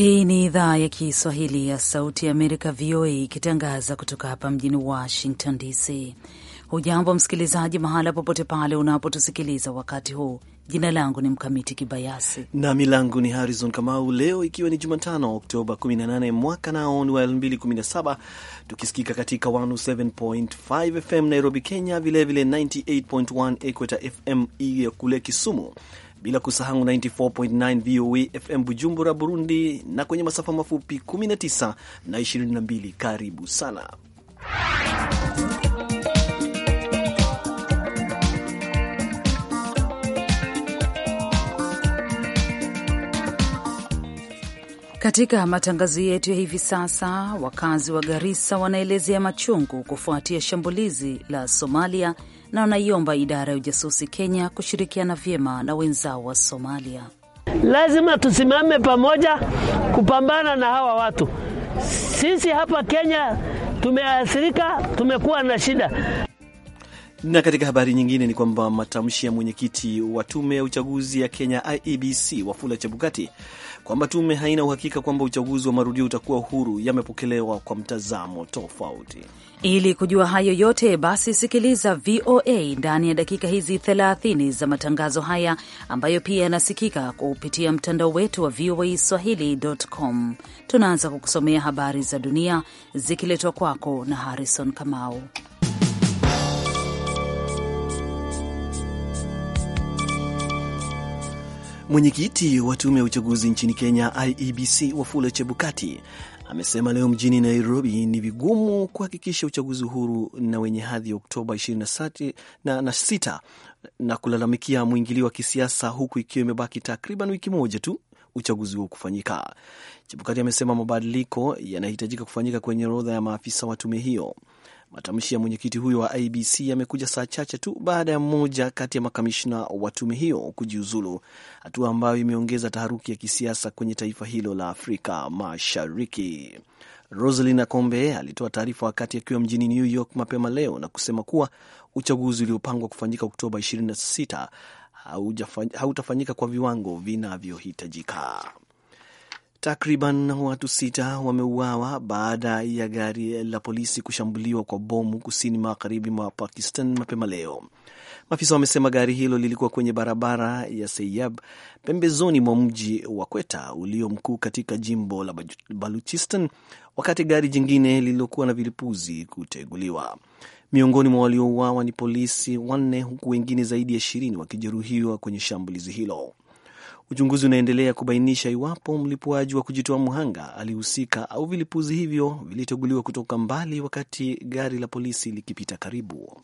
Hii ni idhaa ya Kiswahili ya Sauti ya Amerika, VOA, ikitangaza kutoka hapa mjini Washington DC. Hujambo msikilizaji, mahala popote pale unapotusikiliza wakati huu. Jina langu ni Mkamiti Kibayasi na milangu ni Harrison Kamau. Leo ikiwa ni Jumatano, Oktoba 18 mwaka nao ni wa 2017, tukisikika katika 107.5 FM Nairobi, Kenya, vilevile 98.1 Equator FM ya kule Kisumu bila kusahau 94.9 VOA FM Bujumbura, Burundi, na kwenye masafa mafupi 19 na 22. Karibu sana. Katika matangazo yetu ya hivi sasa, wakazi wa Garissa wanaelezea machungu kufuatia shambulizi la Somalia na wanaiomba idara ya ujasusi Kenya kushirikiana vyema na wenzao wa Somalia. Lazima tusimame pamoja kupambana na hawa watu. Sisi hapa Kenya tumeathirika, tumekuwa na shida. Na katika habari nyingine ni kwamba matamshi ya mwenyekiti wa tume ya uchaguzi ya Kenya IEBC Wafula Chebukati kwamba tume haina uhakika kwamba uchaguzi wa marudio utakuwa huru yamepokelewa kwa mtazamo tofauti. Ili kujua hayo yote, basi sikiliza VOA ndani ya dakika hizi 30 za matangazo haya ambayo pia yanasikika kupitia mtandao wetu wa VOA Swahili.com. Tunaanza kukusomea habari za dunia zikiletwa kwako na Harrison Kamau. Mwenyekiti wa tume ya uchaguzi nchini Kenya, IEBC, Wafula Chebukati amesema leo mjini Nairobi ni vigumu kuhakikisha uchaguzi huru na wenye hadhi Oktoba 26 na, na, na kulalamikia mwingilio wa kisiasa huku ikiwa imebaki takriban wiki moja tu uchaguzi huo kufanyika. Chebukati amesema mabadiliko yanahitajika kufanyika kwenye orodha ya maafisa wa tume hiyo. Matamshi ya mwenyekiti huyo wa IBC yamekuja saa chache tu baada ya mmoja kati ya makamishna wa tume hiyo kujiuzulu, hatua ambayo imeongeza taharuki ya kisiasa kwenye taifa hilo la Afrika Mashariki. rosalin acombe alitoa taarifa wakati akiwa mjini New York mapema leo na kusema kuwa uchaguzi uliopangwa kufanyika Oktoba 26 hautafanyika kwa viwango vinavyohitajika. Takriban watu sita wameuawa baada ya gari la polisi kushambuliwa kwa bomu kusini magharibi mwa Pakistan mapema leo. Maafisa wamesema gari hilo lilikuwa kwenye barabara ya Seyab pembezoni mwa mji wa Kweta ulio mkuu katika jimbo la Baluchistan, wakati gari jingine lililokuwa na vilipuzi kuteguliwa. Miongoni mwa waliouawa ni polisi wanne, huku wengine zaidi ya ishirini wakijeruhiwa kwenye shambulizi hilo. Uchunguzi unaendelea kubainisha iwapo mlipuaji wa kujitoa mhanga alihusika au vilipuzi hivyo viliteguliwa kutoka mbali wakati gari la polisi likipita karibu.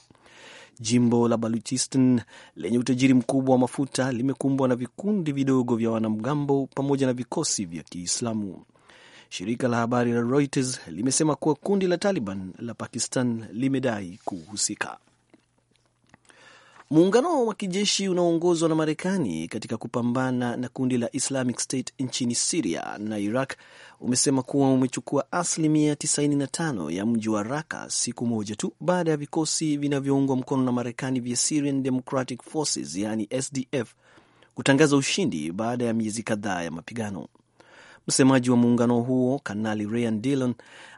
Jimbo la Baluchistan lenye utajiri mkubwa wa mafuta limekumbwa na vikundi vidogo vya wanamgambo pamoja na vikosi vya Kiislamu. Shirika la habari la Reuters limesema kuwa kundi la Taliban la Pakistan limedai kuhusika. Muungano wa kijeshi unaoongozwa na Marekani katika kupambana na kundi la Islamic State nchini Siria na Iraq umesema kuwa umechukua asilimia 95 ya mji wa Raka siku moja tu baada ya vikosi vinavyoungwa mkono na Marekani vya Syrian Democratic Forces yani SDF kutangaza ushindi baada ya miezi kadhaa ya mapigano. Msemaji wa muungano huo Kanali Ryan Dillon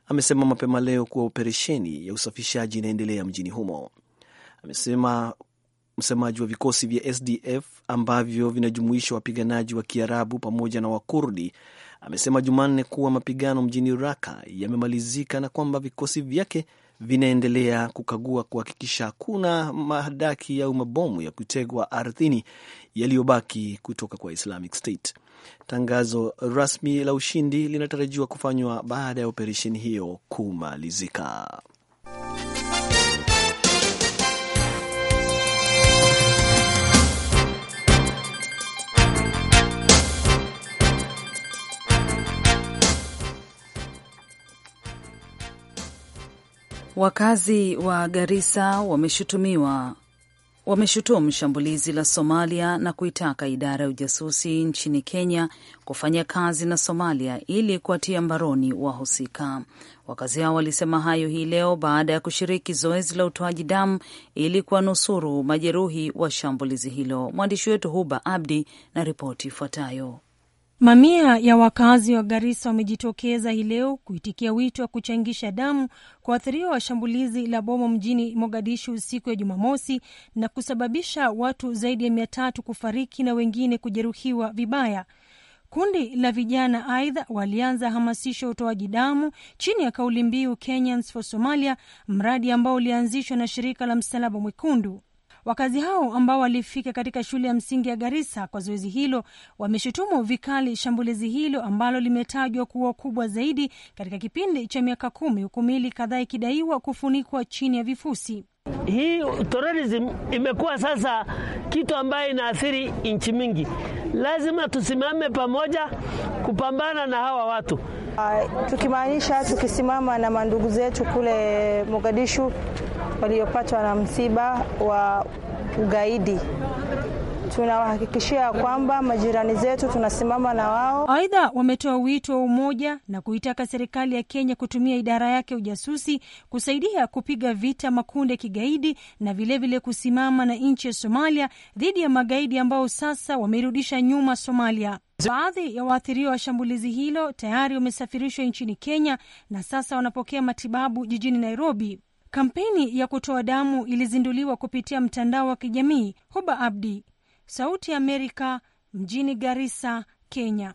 amesema mapema leo kuwa operesheni ya usafishaji inaendelea mjini humo. Amesema Msemaji wa vikosi vya SDF ambavyo vinajumuisha wapiganaji wa Kiarabu pamoja na Wakurdi amesema Jumanne kuwa mapigano mjini Raka yamemalizika na kwamba vikosi vyake vinaendelea kukagua kuhakikisha hakuna mahadaki au mabomu ya kutegwa ardhini yaliyobaki kutoka kwa Islamic State. Tangazo rasmi la ushindi linatarajiwa kufanywa baada ya operesheni hiyo kumalizika. Wakazi wa Garissa wameshutumiwa wameshutumu shambulizi la Somalia na kuitaka idara ya ujasusi nchini Kenya kufanya kazi na Somalia ili kuwatia mbaroni wahusika. Wakazi hao walisema hayo hii leo baada ya kushiriki zoezi la utoaji damu ili kuwanusuru majeruhi wa shambulizi hilo. Mwandishi wetu Huba Abdi na ripoti ifuatayo. Mamia ya wakazi wa Garissa wamejitokeza hii leo kuitikia wito wa kuchangisha damu kwa waathiriwa wa shambulizi la bomu mjini Mogadishu siku ya Jumamosi na kusababisha watu zaidi ya mia tatu kufariki na wengine kujeruhiwa vibaya. Kundi la vijana aidha walianza hamasisho ya utoaji damu chini ya kauli mbiu Kenyans for Somalia, mradi ambao ulianzishwa na shirika la Msalaba Mwekundu. Wakazi hao ambao walifika katika shule ya msingi ya Garissa kwa zoezi hilo wameshutumu vikali shambulizi hilo ambalo limetajwa kuwa kubwa zaidi katika kipindi cha miaka kumi, huku miili kadhaa ikidaiwa kufunikwa chini ya vifusi. Hii terorism imekuwa sasa kitu ambayo inaathiri nchi mingi. Lazima tusimame pamoja kupambana na hawa watu uh, tukimaanisha tukisimama na mandugu zetu kule Mogadishu waliopatwa na msiba wa ugaidi. Tunawahakikishia kwamba majirani zetu tunasimama na wao. Aidha, wametoa wito wa umoja na kuitaka serikali ya Kenya kutumia idara yake ujasusi kusaidia kupiga vita makundi ya kigaidi na vilevile vile kusimama na nchi ya Somalia dhidi ya magaidi ambao sasa wamerudisha nyuma Somalia. Baadhi ya waathiriwa wa shambulizi hilo tayari wamesafirishwa nchini Kenya na sasa wanapokea matibabu jijini Nairobi. Kampeni ya kutoa damu ilizinduliwa kupitia mtandao wa kijamii. Huba Abdi, Sauti ya Amerika, mjini Garissa, Kenya.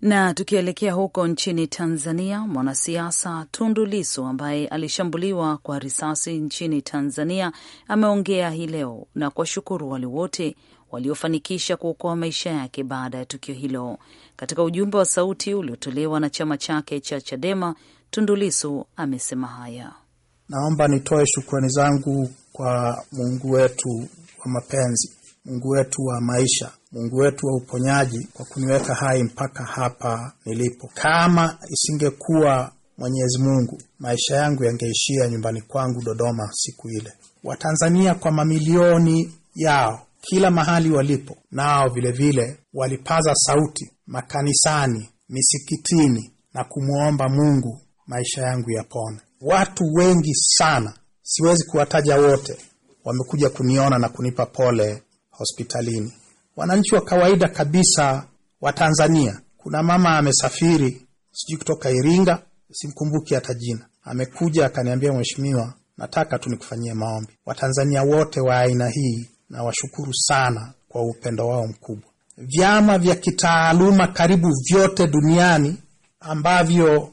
Na tukielekea huko nchini Tanzania, mwanasiasa Tundu Lisu ambaye alishambuliwa kwa risasi nchini Tanzania ameongea hii leo na kuwashukuru wale wote waliofanikisha kuokoa maisha yake baada ya tukio hilo. Katika ujumbe wa sauti uliotolewa na chama chake cha Chadema, Tundu Lisu amesema haya. Naomba nitoe shukrani zangu kwa Mungu wetu wa mapenzi, Mungu wetu wa maisha, Mungu wetu wa uponyaji kwa kuniweka hai mpaka hapa nilipo. Kama isingekuwa Mwenyezi Mungu, maisha yangu yangeishia nyumbani kwangu Dodoma siku ile. Watanzania kwa mamilioni yao kila mahali walipo, nao vilevile walipaza sauti makanisani, misikitini na kumwomba Mungu maisha yangu yapone. Watu wengi sana, siwezi kuwataja wote, wamekuja kuniona na kunipa pole hospitalini. Wananchi wa kawaida kabisa wa Tanzania. Kuna mama amesafiri, sijui kutoka Iringa, simkumbuki hata jina, amekuja akaniambia, mheshimiwa, nataka tu nikufanyie maombi. Watanzania wote wa aina hii nawashukuru sana kwa upendo wao mkubwa. Vyama vya kitaaluma karibu vyote duniani ambavyo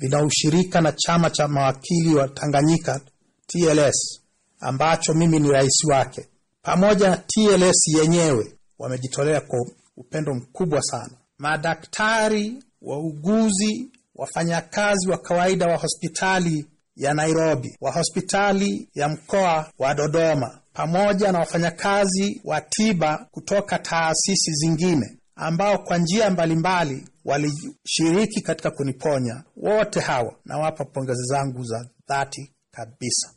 vina ushirika na chama cha mawakili wa Tanganyika TLS ambacho mimi ni rais wake. Pamoja na TLS yenyewe wamejitolea kwa upendo mkubwa sana. Madaktari, wauguzi, wafanyakazi wa kawaida wa hospitali ya Nairobi, wa hospitali ya mkoa wa Dodoma, pamoja na wafanyakazi wa tiba kutoka taasisi zingine ambao kwa njia mbalimbali walishiriki katika kuniponya. Wote hawa nawapa pongezi zangu za dhati kabisa.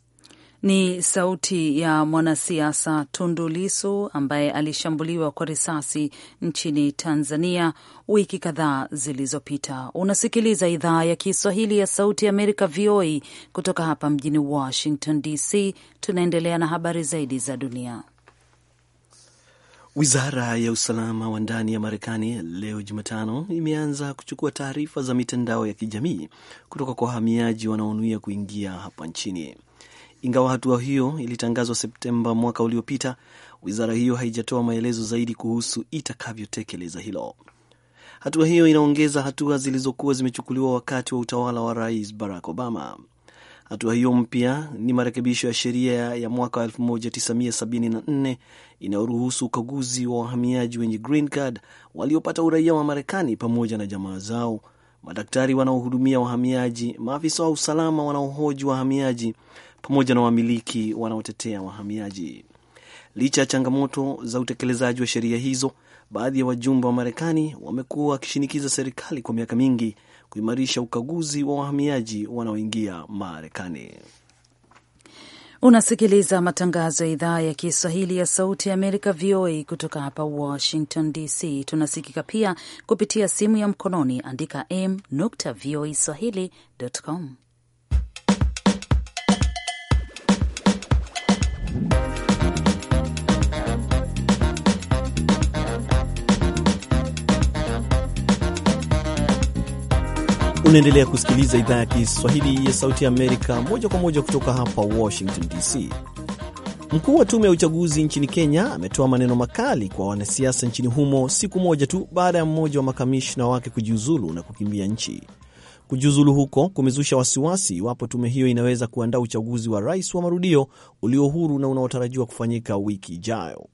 Ni sauti ya mwanasiasa Tundu Lisu ambaye alishambuliwa kwa risasi nchini Tanzania wiki kadhaa zilizopita. Unasikiliza idhaa ya Kiswahili ya Sauti ya Amerika, VOA, kutoka hapa mjini Washington DC. Tunaendelea na habari zaidi za dunia. Wizara ya usalama wa ndani ya Marekani leo Jumatano imeanza kuchukua taarifa za mitandao ya kijamii kutoka kwa wahamiaji wanaonuia kuingia hapa nchini. Ingawa hatua hiyo ilitangazwa Septemba mwaka uliopita, wizara hiyo haijatoa maelezo zaidi kuhusu itakavyotekeleza hilo. Hatua hiyo inaongeza hatua zilizokuwa zimechukuliwa wakati wa utawala wa Rais Barack Obama. Hatua hiyo mpya ni marekebisho ya sheria ya mwaka 1974 inayoruhusu ukaguzi wa wahamiaji wenye green card waliopata uraia wa Marekani pamoja na jamaa zao, madaktari wanaohudumia wahamiaji, maafisa wa usalama wanaohoji wahamiaji pamoja na wamiliki wanaotetea wahamiaji. Licha ya changamoto za utekelezaji wa sheria hizo, baadhi ya wajumbe wa Marekani wamekuwa wakishinikiza serikali kwa miaka mingi kuimarisha ukaguzi wa wahamiaji wanaoingia Marekani. Unasikiliza matangazo ya idhaa ya Kiswahili ya Sauti ya Amerika, VOA, kutoka hapa Washington DC. Tunasikika pia kupitia simu ya mkononi, andika m nukta voa swahili com Unaendelea kusikiliza idhaa ya Kiswahili ya Sauti ya Amerika moja kwa moja kutoka hapa Washington DC. Mkuu wa tume ya uchaguzi nchini Kenya ametoa maneno makali kwa wanasiasa nchini humo siku moja tu baada ya mmoja wa makamishna wake kujiuzulu na kukimbia nchi. Kujiuzulu huko kumezusha wasiwasi iwapo tume hiyo inaweza kuandaa uchaguzi wa rais wa marudio ulio huru na unaotarajiwa kufanyika wiki ijayo.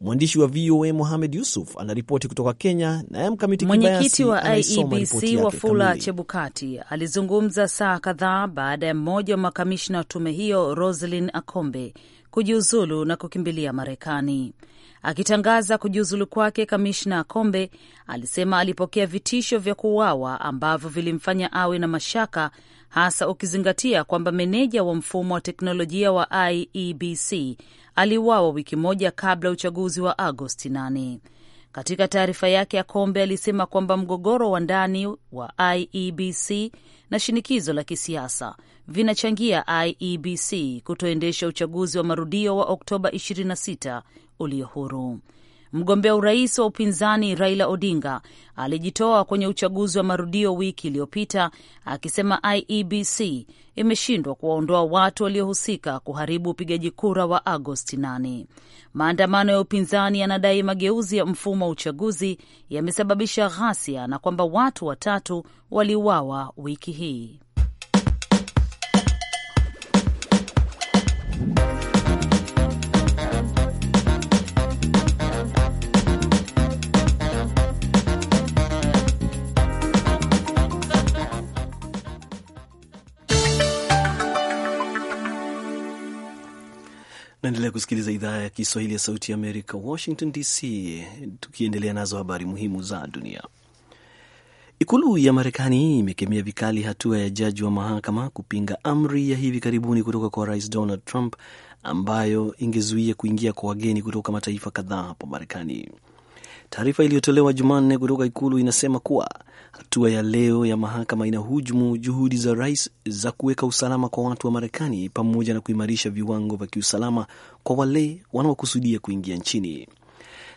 Mwandishi wa VOA Mohamed Yusuf anaripoti kutoka Kenya, naye Mkamiti Mwenyekiti wa IEBC Wafula Chebukati alizungumza saa kadhaa baada ya mmoja wa makamishna wa tume hiyo Roselyn Akombe kujiuzulu na kukimbilia Marekani. Akitangaza kujiuzulu kwake, kamishna Akombe alisema alipokea vitisho vya kuuawa ambavyo vilimfanya awe na mashaka hasa ukizingatia kwamba meneja wa mfumo wa teknolojia wa IEBC aliuawa wiki moja kabla ya uchaguzi wa Agosti 8. Katika taarifa yake ya Kombe alisema kwamba mgogoro wa ndani wa IEBC na shinikizo la kisiasa vinachangia IEBC kutoendesha uchaguzi wa marudio wa Oktoba 26 ulio huru. Mgombea urais wa upinzani Raila Odinga alijitoa kwenye uchaguzi wa marudio wiki iliyopita akisema IEBC imeshindwa kuwaondoa watu waliohusika kuharibu upigaji kura wa Agosti 8. Maandamano ya upinzani yanadai mageuzi ya mfumo wa uchaguzi yamesababisha ghasia na kwamba watu watatu waliuawa wiki hii. Naendelea kusikiliza idhaa ya Kiswahili ya Sauti ya Amerika, Washington DC, tukiendelea nazo habari muhimu za dunia. Ikulu ya Marekani imekemea vikali hatua ya jaji wa mahakama kupinga amri ya hivi karibuni kutoka kwa Rais Donald Trump ambayo ingezuia kuingia kwa wageni kutoka mataifa kadhaa hapa Marekani. Taarifa iliyotolewa Jumanne kutoka ikulu inasema kuwa hatua ya leo ya mahakama inahujumu juhudi za rais za kuweka usalama kwa watu wa Marekani pamoja na kuimarisha viwango vya kiusalama kwa wale wanaokusudia kuingia nchini.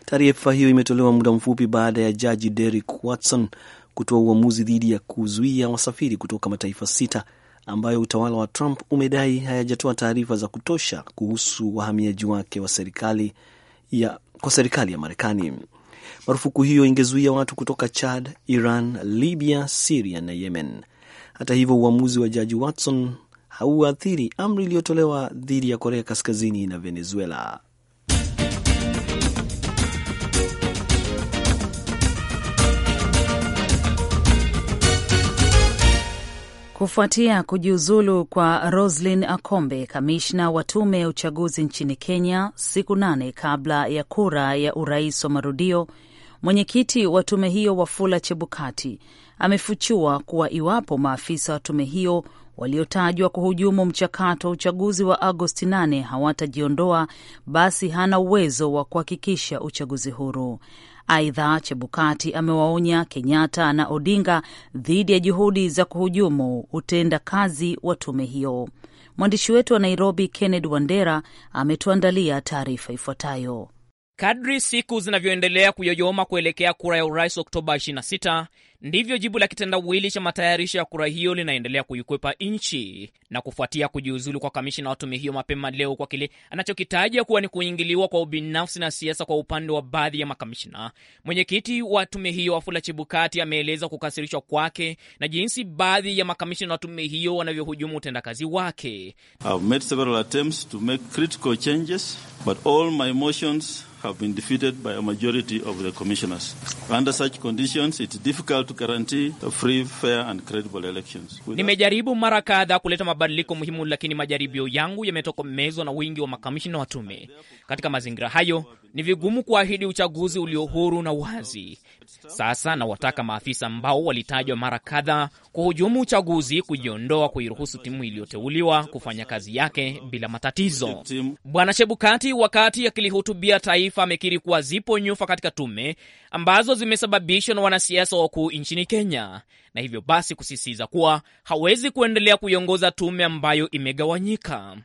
Taarifa hiyo imetolewa muda mfupi baada ya jaji Derek Watson kutoa uamuzi dhidi ya kuzuia wasafiri kutoka mataifa sita ambayo utawala wa Trump umedai hayajatoa taarifa za kutosha kuhusu wahamiaji wake wa serikali ya, kwa serikali ya Marekani. Marufuku hiyo ingezuia watu kutoka Chad, Iran, Libya, Siria na Yemen. Hata hivyo, uamuzi wa jaji Watson hauathiri amri iliyotolewa dhidi ya Korea Kaskazini na Venezuela. Kufuatia kujiuzulu kwa Roslyn Akombe, kamishna wa tume ya uchaguzi nchini Kenya, siku nane kabla ya kura ya urais wa marudio, mwenyekiti wa tume hiyo Wafula Chebukati amefuchua kuwa iwapo maafisa wa tume hiyo waliotajwa kuhujumu mchakato wa uchaguzi wa Agosti 8 hawatajiondoa, basi hana uwezo wa kuhakikisha uchaguzi huru. Aidha, Chebukati amewaonya Kenyatta na Odinga dhidi ya juhudi za kuhujumu utenda kazi wa tume hiyo. Mwandishi wetu wa Nairobi, kenned Wandera, ametuandalia taarifa ifuatayo. Kadri siku zinavyoendelea kuyoyoma kuelekea kura ya urais Oktoba 26 Ndivyo jibu la kitendawili cha matayarisho ya kura hiyo linaendelea kuikwepa nchi na kufuatia kujiuzulu kwa kamishina wa tume hiyo mapema leo kwa kile anachokitaja kuwa ni kuingiliwa kwa ubinafsi na siasa kwa upande wa baadhi ya makamishina. Mwenyekiti wa tume hiyo Wafula Chebukati ameeleza kukasirishwa kwake na jinsi baadhi ya makamishina wa tume hiyo wanavyohujumu utendakazi wake. I've made several attempts to make critical changes, but all my motions have been defeated by a majority of the commissioners. Under such conditions, it's difficult to guarantee a free, fair and credible elections. Without... Nimejaribu mara kadhaa kuleta mabadiliko muhimu, lakini majaribio yangu yametokomezwa na wingi wa makamishina wa tume. Katika mazingira hayo, ni vigumu kuahidi uchaguzi ulio huru na wazi. Sasa nawataka maafisa ambao walitajwa mara kadhaa kuhujumu uchaguzi kujiondoa, kuiruhusu timu iliyoteuliwa kufanya kazi yake bila matatizo. Bwana Shebukati, wakati akilihutubia taifa, amekiri kuwa zipo nyufa katika tume ambazo zimesababishwa na wanasiasa wakuu nchini Kenya, na hivyo basi kusisitiza kuwa hawezi kuendelea kuiongoza tume ambayo imegawanyika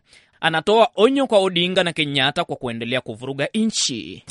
anatoa onyo kwa Odinga na Kenyatta kwa kuendelea kuvuruga nchi.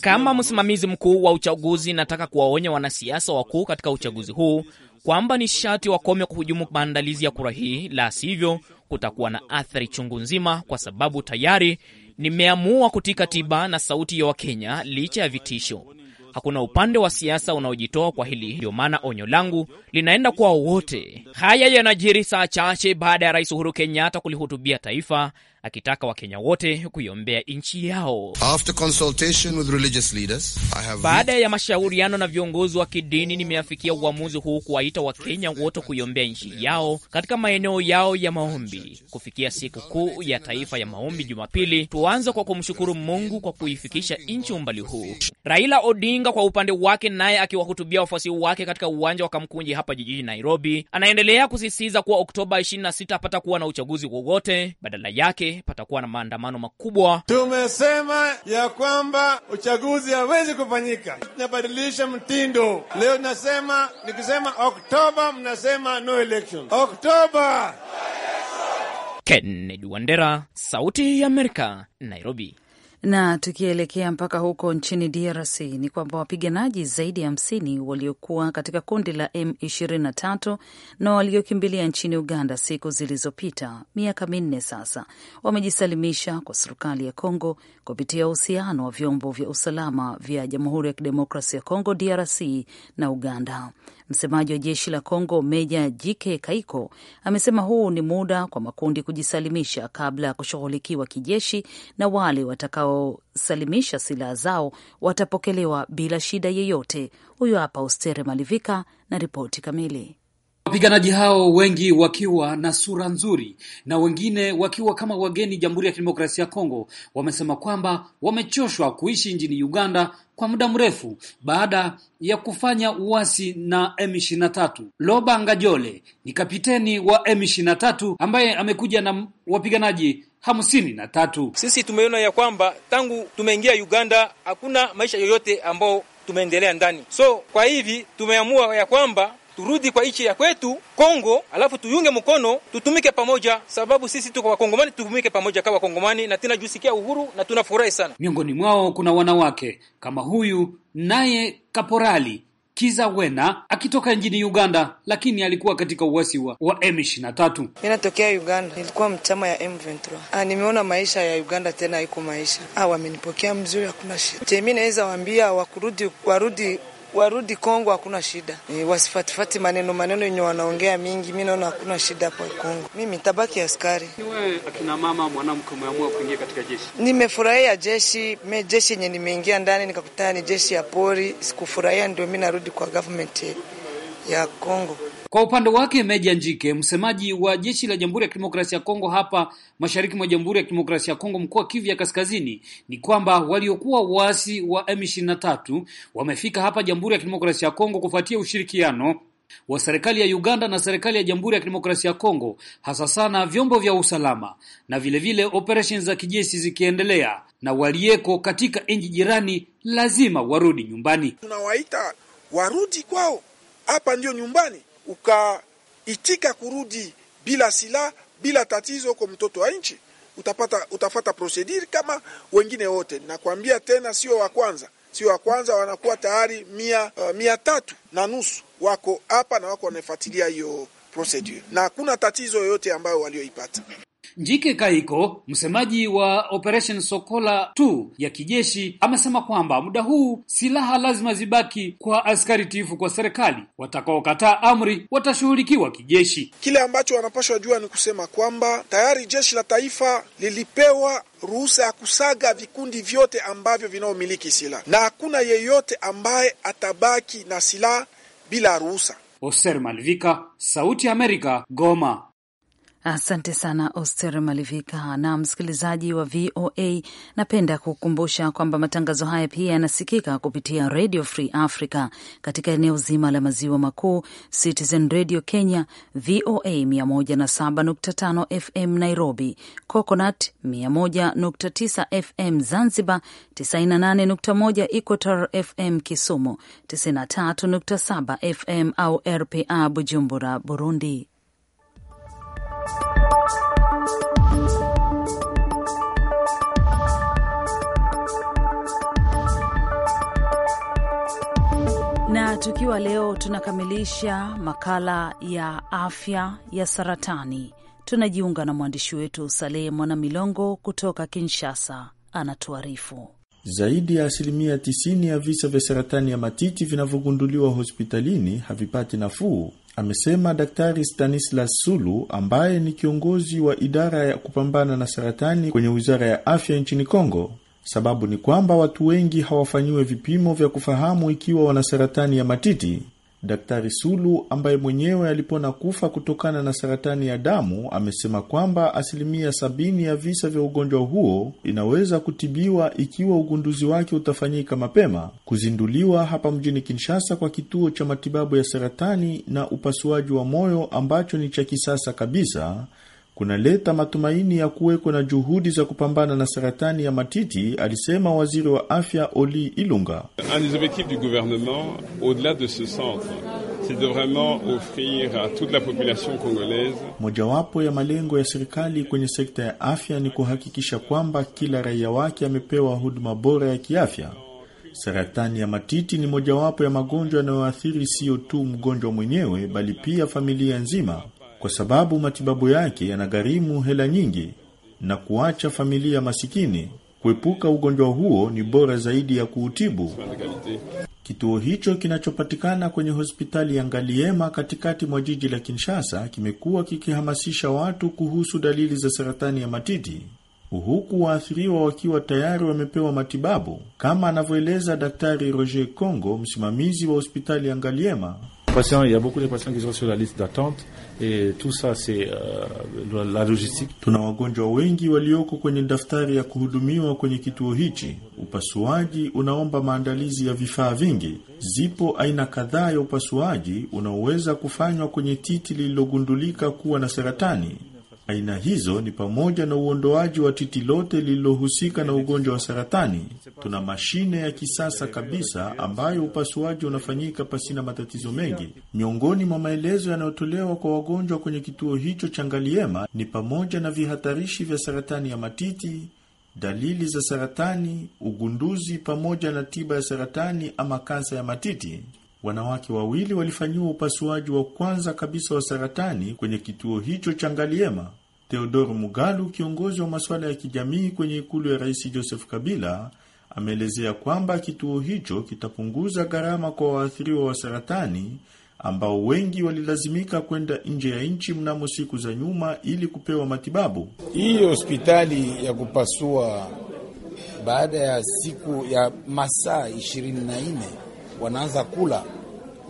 Kama msimamizi mkuu wa uchaguzi, nataka kuwaonya wanasiasa wakuu katika uchaguzi huu kwamba ni sharti wakome kuhujumu maandalizi ya kura hii, la sivyo kutakuwa na athari chungu nzima, kwa sababu tayari nimeamua kutii katiba na sauti ya Wakenya licha ya vitisho. Hakuna upande wa siasa unaojitoa kwa hili, ndio maana onyo langu linaenda kwa wote. Haya yanajiri saa chache baada ya Rais Uhuru Kenyatta kulihutubia taifa akitaka Wakenya wote kuiombea nchi yao. After consultation with religious leaders, I have... baada ya mashauriano na viongozi wa kidini nimeafikia uamuzi huu kuwaita Wakenya wote kuiombea nchi yao katika maeneo yao ya maombi. Kufikia siku kuu ya taifa ya maombi Jumapili, tuanze kwa kumshukuru Mungu kwa kuifikisha nchi umbali huu. Raila Odinga kwa upande wake, naye akiwahutubia wafuasi wake katika uwanja wa Kamkunji hapa jijini Nairobi, anaendelea kusisitiza kuwa Oktoba 26 hapata kuwa na uchaguzi wowote, badala yake patakuwa na maandamano makubwa. Tumesema ya kwamba uchaguzi hawezi kufanyika, tunabadilisha mtindo. Leo nasema nikisema Oktoba mnasema no election. Oktoba. Kennedy Wandera, Sauti ya Amerika, Nairobi. Na tukielekea mpaka huko nchini DRC ni kwamba wapiganaji zaidi ya hamsini waliokuwa katika kundi la M23 na waliokimbilia nchini Uganda siku zilizopita, miaka minne sasa, wamejisalimisha kwa serikali ya congo kupitia uhusiano wa vyombo vya usalama vya Jamhuri ya Kidemokrasia ya Kongo DRC na Uganda. Msemaji wa jeshi la congo Meja Jike Kaiko amesema huu ni muda kwa makundi kujisalimisha kabla ya kushughulikiwa kijeshi, na wale watakaosalimisha silaha zao watapokelewa bila shida yeyote. Huyo hapa Ustere Malivika na ripoti kamili. Wapiganaji hao wengi wakiwa na sura nzuri na wengine wakiwa kama wageni Jamhuri ya Kidemokrasia ya Kongo wamesema kwamba wamechoshwa kuishi nchini Uganda kwa muda mrefu baada ya kufanya uasi na M23. Loba Ngajole ni kapiteni wa M23 ambaye amekuja na wapiganaji hamsini na tatu. Sisi tumeona ya kwamba tangu tumeingia Uganda hakuna maisha yoyote ambao tumeendelea ndani, so kwa hivi tumeamua ya kwamba turudi kwa ichi ya kwetu Kongo, alafu tuyunge mkono, tutumike pamoja, sababu sisi tuko Wakongomani, tutumike pamoja kama Wakongomani na jusikia uhuru na tunafurahi sana. Miongoni mwao kuna wanawake kama huyu naye Kaporali Kiza Wena akitoka nchini Uganda, lakini alikuwa katika uasi wa, wa M23. Ninatokea Uganda, nilikuwa mchama ya M23. Ah, nimeona maisha ya Uganda tena iko maisha. Ah, wamenipokea mzuri, hakuna shida. Mimi naweza waambia wakurudi, warudi warudi Kongo, hakuna shida. E, wasifatifati maneno maneno yenye wanaongea mingi, mi naona hakuna shida hapa Kongo. Mimi tabaki askari. Wewe akina mama mwanamke, umeamua kuingia katika jeshi? Nimefurahia jeshi me jeshi yenye nimeingia ndani nikakutana ni jeshi ya pori, sikufurahia ndio mi narudi kwa government ya Kongo. Kwa upande wake Meja Njike, msemaji wa jeshi la Jamhuri ya Kidemokrasia ya Kongo hapa mashariki mwa Jamhuri ya Kidemokrasia ya Kongo, mkoa Kivu ya Kaskazini, ni kwamba waliokuwa waasi wa M23 wamefika hapa Jamhuri ya Kidemokrasia ya Kongo kufuatia ushirikiano wa serikali ya Uganda na serikali ya Jamhuri ya Kidemokrasia ya Kongo, hasa sana vyombo vya usalama na vilevile operesheni za kijeshi zikiendelea, na waliyeko katika nchi jirani lazima warudi nyumbani. Tunawaita warudi kwao, hapa ndio nyumbani ukaitika kurudi bila silaha bila tatizo kwa mtoto wa nchi utapata, utafata procedure kama wengine wote. Nakwambia tena, sio wa kwanza, sio wa kwanza, wanakuwa tayari mia, uh, mia tatu na nusu wako hapa na wako wanafuatilia hiyo procedure na hakuna tatizo yoyote ambayo walioipata. Njike Kaiko, msemaji wa Operation Sokola 2 ya kijeshi, amesema kwamba muda huu silaha lazima zibaki kwa askari tifu kwa serikali. Watakaokataa amri watashughulikiwa kijeshi. Kile ambacho wanapashwa jua ni kusema kwamba tayari jeshi la taifa lilipewa ruhusa ya kusaga vikundi vyote ambavyo vinaomiliki silaha na hakuna yeyote ambaye atabaki na silaha bila ruhusa. Oser Malvika, Sauti ya Amerika, Goma. Asante sana Oster Malivika. Na msikilizaji wa VOA, napenda kukumbusha kwamba matangazo haya pia yanasikika kupitia Radio Free Africa katika eneo zima la maziwa makuu, Citizen Radio Kenya, VOA 107.5 FM Nairobi, Coconut 101.9 FM Zanzibar, 98.1 Equator FM Kisumu, 93.7 FM au RPA Bujumbura, Burundi. tukiwa leo tunakamilisha makala ya afya ya saratani, tunajiunga na mwandishi wetu Salehe Mwanamilongo kutoka Kinshasa, anatuarifu zaidi ya asilimia 90 ya visa vya saratani ya matiti vinavyogunduliwa hospitalini havipati nafuu, amesema Daktari Stanislas Sulu ambaye ni kiongozi wa idara ya kupambana na saratani kwenye wizara ya afya nchini Kongo. Sababu ni kwamba watu wengi hawafanyiwe vipimo vya kufahamu ikiwa wana saratani ya matiti. Daktari Sulu ambaye mwenyewe alipona kufa kutokana na saratani ya damu amesema kwamba asilimia sabini ya visa vya ugonjwa huo inaweza kutibiwa ikiwa ugunduzi wake utafanyika mapema. Kuzinduliwa hapa mjini Kinshasa kwa kituo cha matibabu ya saratani na upasuaji wa moyo ambacho ni cha kisasa kabisa kunaleta matumaini ya kuweko na juhudi za kupambana na saratani ya matiti, alisema waziri wa afya Oli Ilunga. Un des objectifs du gouvernement au-delà de ce centre c'est de vraiment offrir à toute la population congolaise. Mojawapo ya malengo ya serikali kwenye sekta ya afya ni kuhakikisha kwamba kila raia wake amepewa huduma bora ya kiafya. Saratani ya matiti ni mojawapo ya magonjwa yanayoathiri sio tu mgonjwa mwenyewe bali pia familia nzima kwa sababu matibabu yake yanagharimu hela nyingi na kuacha familia masikini. Kuepuka ugonjwa huo ni bora zaidi ya kuutibu. Kituo hicho kinachopatikana kwenye hospitali ya Ngaliema katikati mwa jiji la Kinshasa kimekuwa kikihamasisha watu kuhusu dalili za saratani ya matiti huku waathiriwa wakiwa tayari wamepewa matibabu, kama anavyoeleza Daktari Roger Congo, msimamizi wa hospitali ya Ngaliema. Patients, il y a beaucoup de patients qui sont sur la liste d'attente et tout ça c'est euh, la logistique. Tuna wagonjwa wengi walioko kwenye daftari ya kuhudumiwa kwenye kituo hichi. Upasuaji unaomba maandalizi ya vifaa vingi. Zipo aina kadhaa ya upasuaji unaoweza kufanywa kwenye titi lililogundulika kuwa na saratani. Aina hizo ni pamoja na uondoaji wa titi lote lililohusika na ugonjwa wa saratani. Tuna mashine ya kisasa kabisa ambayo upasuaji unafanyika pasina matatizo mengi. Miongoni mwa maelezo yanayotolewa kwa wagonjwa kwenye kituo hicho cha Ngaliema ni pamoja na vihatarishi vya saratani ya matiti, dalili za saratani, ugunduzi pamoja na tiba ya saratani ama kansa ya matiti wanawake wawili walifanyiwa upasuaji wa kwanza kabisa wa saratani kwenye kituo hicho cha Ngaliema. Theodoro Mugalu, kiongozi wa masuala ya kijamii kwenye ikulu ya Rais Joseph Kabila, ameelezea kwamba kituo hicho kitapunguza gharama kwa waathiriwa wa saratani ambao wengi walilazimika kwenda nje ya nchi mnamo siku za nyuma ili kupewa matibabu. Hii hospitali ya kupasua baada ya siku ya masaa nne wanaanza kula,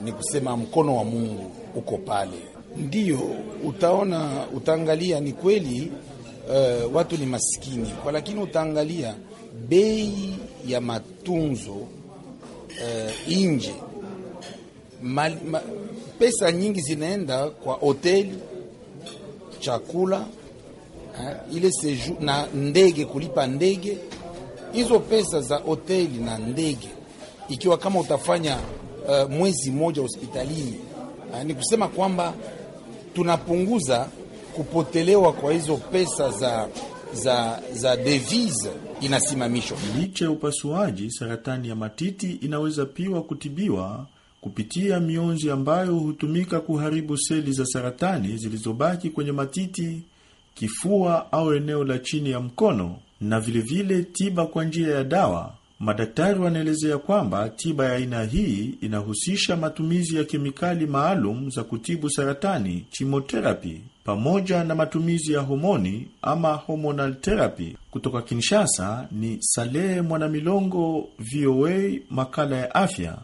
ni kusema mkono wa Mungu uko pale. Ndiyo utaona, utaangalia, ni kweli uh, watu ni masikini kwa, lakini utaangalia bei ya matunzo uh, eh, nje ma, ma, pesa nyingi zinaenda kwa hoteli, chakula Ha, eh, ile sejour na ndege, kulipa ndege. Hizo pesa za hoteli na ndege ikiwa kama utafanya uh, mwezi mmoja hospitalini uh, ni kusema kwamba tunapunguza kupotelewa kwa hizo pesa za, za, za devise inasimamishwa. Licha ya upasuaji, saratani ya matiti inaweza piwa kutibiwa kupitia mionzi ambayo hutumika kuharibu seli za saratani zilizobaki kwenye matiti, kifua au eneo la chini ya mkono, na vilevile vile tiba kwa njia ya dawa Madaktari wanaelezea kwamba tiba ya aina hii inahusisha matumizi ya kemikali maalum za kutibu saratani, chemotherapy, pamoja na matumizi ya homoni ama hormonal therapy. Kutoka Kinshasa ni Salehe Mwanamilongo, VOA, makala ya afya.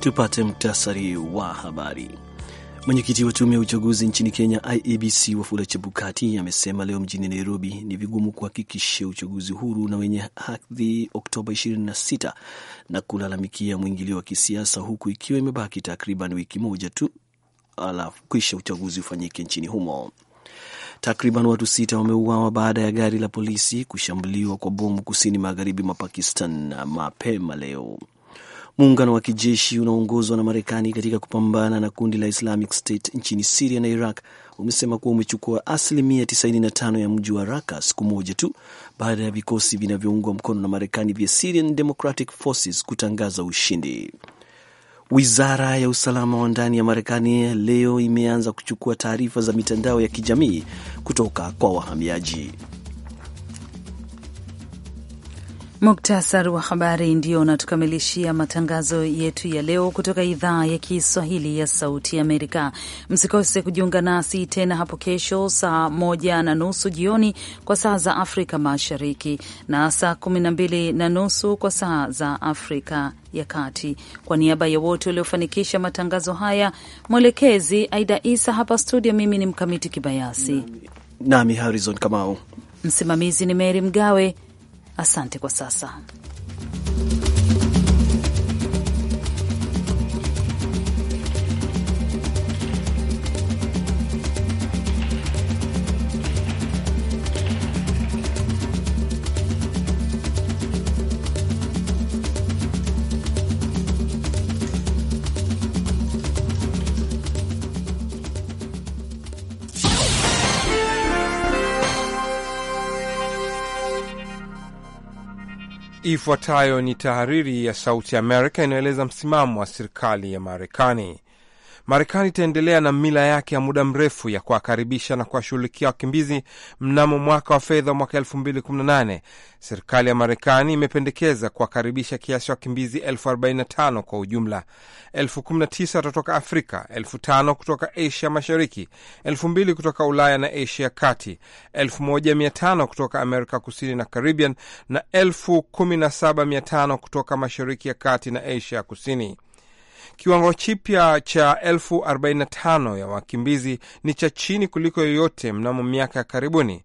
Tupate mktasari wa habari. Mwenyekiti wa tume ya uchaguzi nchini Kenya, IEBC, Wafula Chebukati amesema leo mjini Nairobi ni vigumu kuhakikisha uchaguzi huru na wenye hadhi Oktoba 26 na kulalamikia mwingilio wa kisiasa, huku ikiwa imebaki takriban wiki moja tu alafu kisha uchaguzi ufanyike nchini humo. Takriban watu sita wameuawa baada ya gari la polisi kushambuliwa kwa bomu kusini magharibi mwa Pakistan mapema leo muungano wa kijeshi unaoongozwa na Marekani katika kupambana na kundi la Islamic State nchini Siria na Iraq umesema kuwa umechukua asilimia 95 ya mji wa Raka siku moja tu baada ya vikosi vinavyoungwa mkono na Marekani vya Syrian Democratic Forces kutangaza ushindi. Wizara ya usalama wa ndani ya Marekani leo imeanza kuchukua taarifa za mitandao ya kijamii kutoka kwa wahamiaji. Muktasari wa habari ndio unatukamilishia matangazo yetu ya leo kutoka idhaa ya Kiswahili ya Sauti Amerika. Msikose kujiunga nasi tena hapo kesho saa moja na nusu jioni kwa saa za Afrika Mashariki na saa kumi na mbili na nusu kwa saa za Afrika ya Kati. Kwa niaba ya wote waliofanikisha matangazo haya, mwelekezi Aida Isa hapa studio, mimi ni Mkamiti Kibayasi nami Harizon Kamau, msimamizi ni Meri Mgawe. Asante kwa sasa. Ifuatayo ni tahariri ya Sauti Amerika inayoeleza msimamo wa serikali ya Marekani. Marekani itaendelea na mila yake ya muda mrefu ya kuwakaribisha na kuwashughulikia wakimbizi. Mnamo mwaka wa fedha mwaka 2018 serikali ya Marekani imependekeza kuwakaribisha kiasi cha wakimbizi elfu 45 kwa ujumla. Elfu 19 watatoka Afrika, elfu 5 kutoka Asia Mashariki, elfu 2 kutoka Ulaya na Asia ya Kati, elfu 15 kutoka Amerika Kusini na Caribbean na elfu 175 kutoka Mashariki ya Kati na Asia ya Kusini. Kiwango chipya cha elfu 45 ya wakimbizi ni cha chini kuliko yoyote mnamo miaka ya karibuni.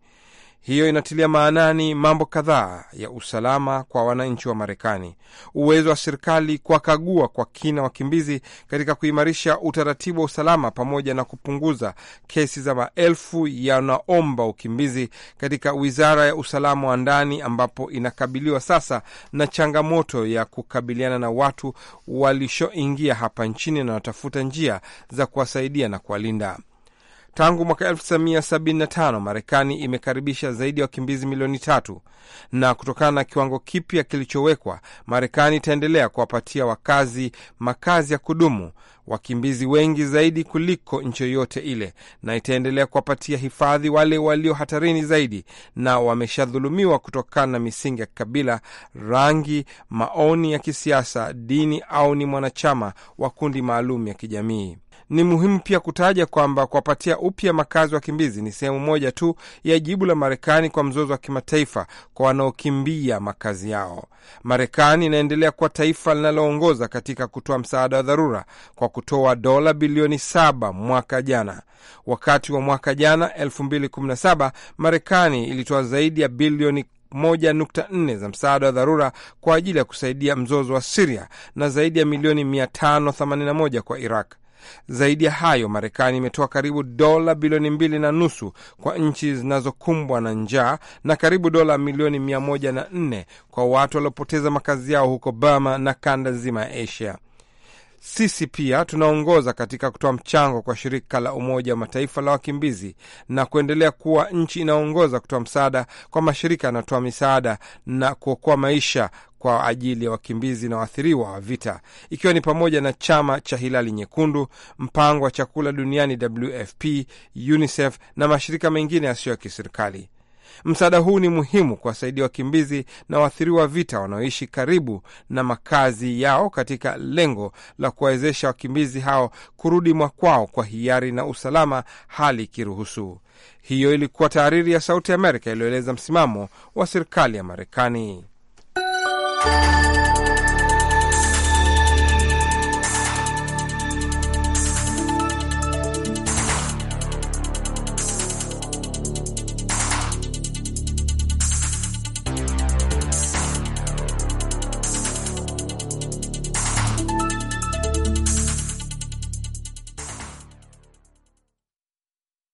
Hiyo inatilia maanani mambo kadhaa ya usalama kwa wananchi wa Marekani, uwezo wa serikali kuwakagua kwa kina wakimbizi katika kuimarisha utaratibu wa usalama, pamoja na kupunguza kesi za maelfu yanaomba ukimbizi katika wizara ya usalama wa ndani, ambapo inakabiliwa sasa na changamoto ya kukabiliana na watu walishoingia hapa nchini na watafuta njia za kuwasaidia na kuwalinda. Tangu mwaka 1975 Marekani imekaribisha zaidi ya wa wakimbizi milioni tatu, na kutokana na kiwango kipya kilichowekwa, Marekani itaendelea kuwapatia wakazi makazi ya kudumu wakimbizi wengi zaidi kuliko nchi yoyote ile, na itaendelea kuwapatia hifadhi wale walio hatarini zaidi na wameshadhulumiwa kutokana na misingi ya kikabila, rangi, maoni ya kisiasa, dini au ni mwanachama wa kundi maalum ya kijamii. Ni muhimu pia kutaja kwamba kuwapatia upya makazi wakimbizi ni sehemu moja tu ya jibu la Marekani kwa mzozo wa kimataifa kwa wanaokimbia makazi yao. Marekani inaendelea kuwa taifa linaloongoza katika kutoa msaada wa dharura kwa kutoa dola bilioni saba mwaka jana. Wakati wa mwaka jana 2017 Marekani ilitoa zaidi ya bilioni 1.4 za msaada wa dharura kwa ajili ya kusaidia mzozo wa Siria na zaidi ya milioni 581 kwa Iraq. Zaidi ya hayo, Marekani imetoa karibu dola bilioni mbili na nusu kwa nchi zinazokumbwa na njaa na karibu dola milioni mia moja na nne kwa watu waliopoteza makazi yao huko Burma na kanda nzima ya Asia. Sisi pia tunaongoza katika kutoa mchango kwa shirika la Umoja wa Mataifa la wakimbizi na kuendelea kuwa nchi inaongoza kutoa msaada kwa mashirika yanayotoa misaada na kuokoa maisha kwa ajili ya wakimbizi na waathiriwa wa vita, ikiwa ni pamoja na chama cha Hilali Nyekundu, mpango wa chakula duniani WFP, UNICEF na mashirika mengine yasiyo ya kiserikali. Msaada huu ni muhimu kuwasaidia wakimbizi na waathiriwa vita wanaoishi karibu na makazi yao katika lengo la kuwawezesha wakimbizi hao kurudi mwakwao kwa hiari na usalama, hali ikiruhusu. Hiyo ilikuwa tahariri ya Sauti ya Amerika iliyoeleza msimamo wa serikali ya Marekani.